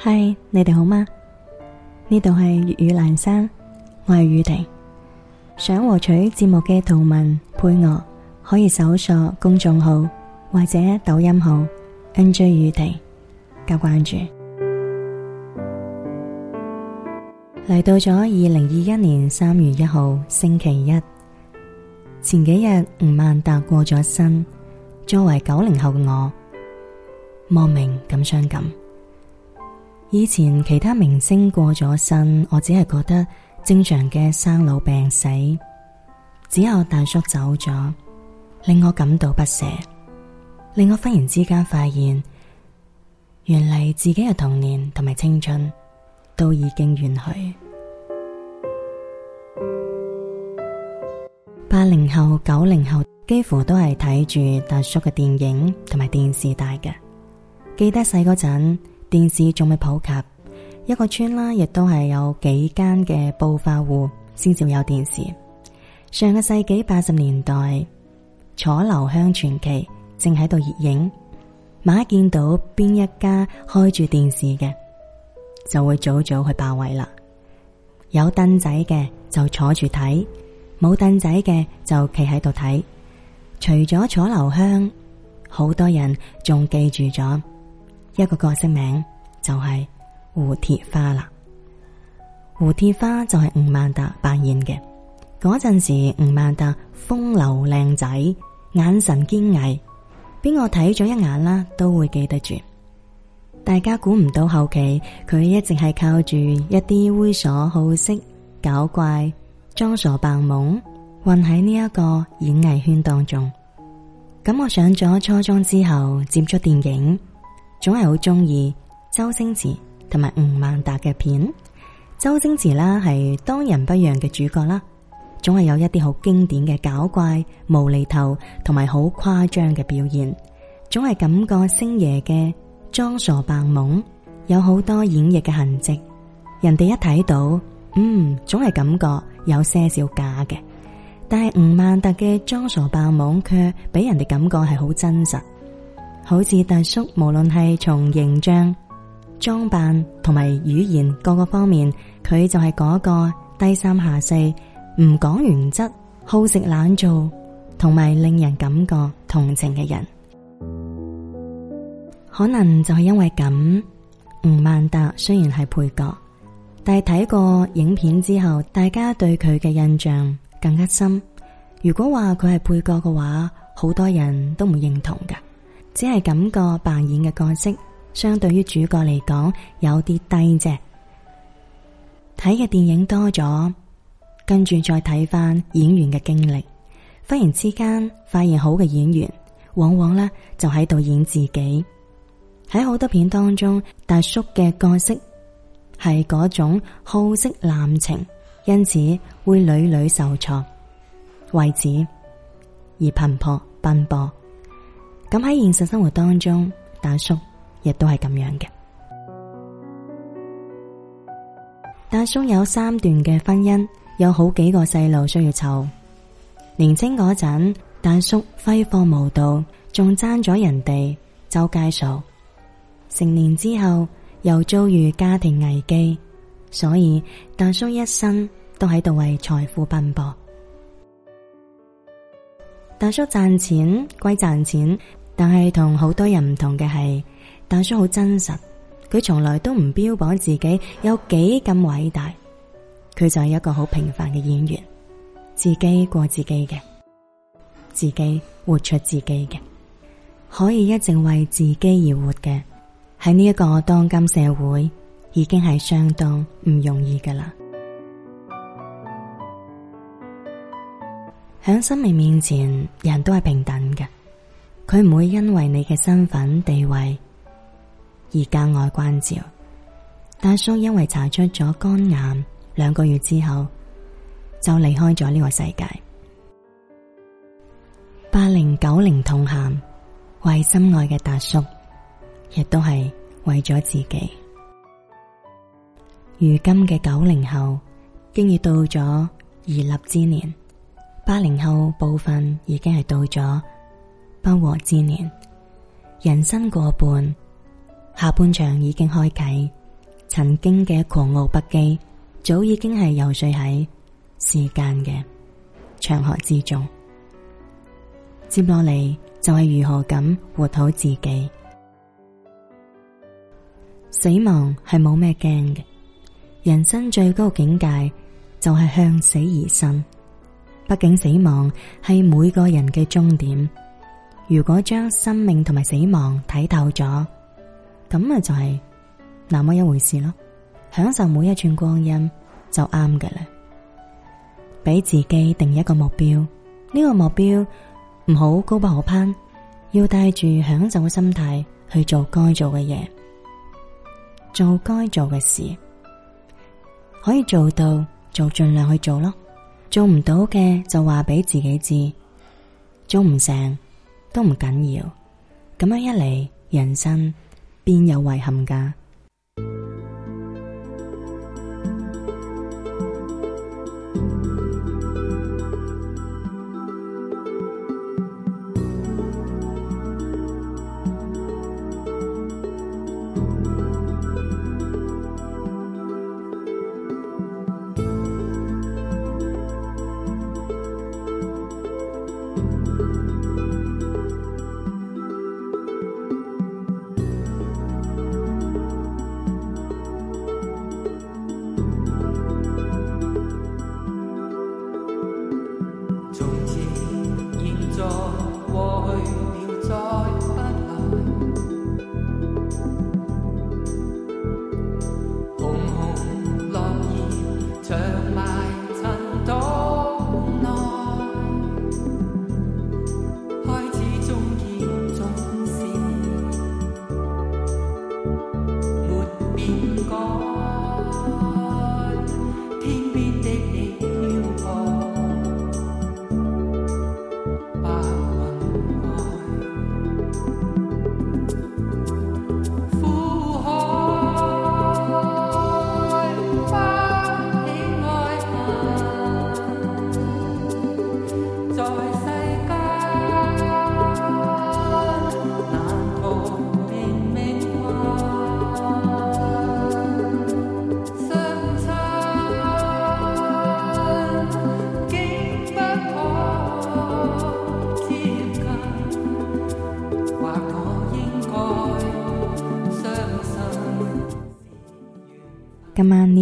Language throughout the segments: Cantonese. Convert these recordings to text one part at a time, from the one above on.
嗨，Hi, 你哋好嗎？呢度係粵語蘭山，我係雨婷。想獲取節目嘅圖文配樂，可以搜索公眾號或者抖音號 N J 雨婷加關注。嚟到咗二零二一年三月一號星期一，前幾日吳孟達過咗身，作為九零後嘅我，莫名咁傷感。以前其他明星過咗身，我只係覺得正常嘅生老病死。只有大叔走咗，令我感到不捨，令我忽然之間發現，原嚟自己嘅童年同埋青春都已經遠去。八零後、九零後幾乎都係睇住大叔嘅電影同埋電視大嘅。記得細嗰陣。電視仲未普及，一個村啦，亦都係有幾間嘅暴發戶先至有電視。上個世紀八十年代，《楚留香傳奇》正喺度熱映，萬一見到邊一家開住電視嘅，就會早早去霸位啦。有凳仔嘅就坐住睇，冇凳仔嘅就企喺度睇。除咗楚留香，好多人仲記住咗。一個角色名就係胡鐵花啦，胡鐵花就係吳孟達扮演嘅。嗰陣時，吳孟達風流靚仔，眼神堅毅，邊個睇咗一眼啦，都會記得住。大家估唔到後期佢一直係靠住一啲猥瑣、好色、搞怪、裝傻扮懵，混喺呢一個演藝圈當中。咁我上咗初中之後，接觸電影。總係好中意周星馳同埋吳孟達嘅片，周星馳啦係當仁不讓嘅主角啦，總係有一啲好經典嘅搞怪、無厘頭同埋好誇張嘅表演，總係感覺星爺嘅裝傻扮懵有好多演繹嘅痕跡，人哋一睇到，嗯，總係感覺有些少假嘅，但係吳孟達嘅裝傻扮懵卻俾人哋感覺係好真實。好似大叔，無論係從形象、裝扮同埋語言各個方面，佢就係嗰個低三下四、唔講原則、好食懶做同埋令人感覺同情嘅人。可能就係因為咁，吳孟達雖然係配角，但係睇過影片之後，大家對佢嘅印象更加深。如果話佢係配角嘅話，好多人都唔認同噶。只係感覺扮演嘅角色，相對於主角嚟講有啲低啫。睇嘅電影多咗，跟住再睇翻演員嘅經歷，忽然之間發現好嘅演員，往往呢就喺度演自己。喺好多片當中，達叔嘅角色係嗰種好色濫情，因此會屢屢受挫，為此而頻撲奔波，波。咁喺現實生活當中，達叔亦都係咁樣嘅。達叔有三段嘅婚姻，有好幾個細路需要湊。年輕嗰陣，達叔揮霍無度，仲爭咗人哋周街數。成年之後又遭遇家庭危機，所以達叔一生都喺度為財富奔波。達叔賺錢歸賺錢，但係同好多人唔同嘅係，達叔好真實，佢從來都唔標榜自己有幾咁偉大，佢就係一個好平凡嘅演員，自己過自己嘅，自己活出自己嘅，可以一直為自己而活嘅，喺呢一個當今社會已經係相當唔容易㗎喇。喺生命面前，人都係平等嘅。佢唔會因為你嘅身份地位而格外關照。達叔因為查出咗肝癌，兩個月之後就離開咗呢個世界。八零九零同行，為心愛嘅達叔，亦都係為咗自己。如今嘅九零後，經已到咗而立之年。八零後部分已經係到咗不惑之年，人生過半，下半場已經開啟。曾經嘅狂傲不羈，早已經係遊說喺時間嘅長河之中。接落嚟就係如何咁活好自己。死亡係冇咩驚嘅，人生最高境界就係向死而生。畢竟死亡係每個人嘅終點。如果將生命同埋死亡睇透咗，咁咪就係那麼一回事咯。享受每一寸光陰就啱嘅啦。俾自己定一個目標，呢個目標唔好高不可攀，要帶住享受嘅心態去做該做嘅嘢，做該做嘅事，可以做到就盡量去做咯。做唔到嘅就話畀自己知，做唔成都唔緊要，咁樣一嚟，人生邊有遺憾噶？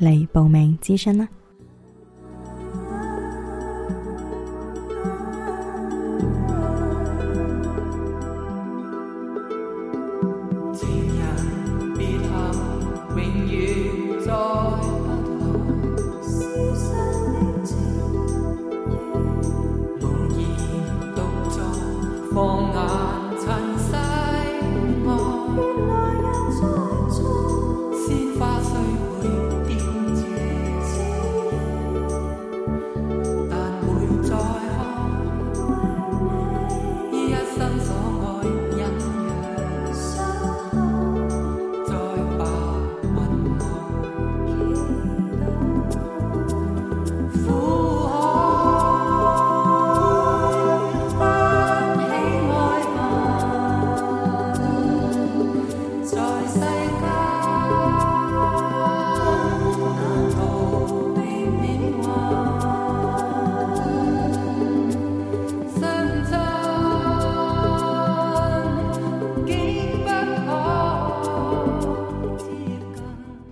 嚟報名諮詢啦！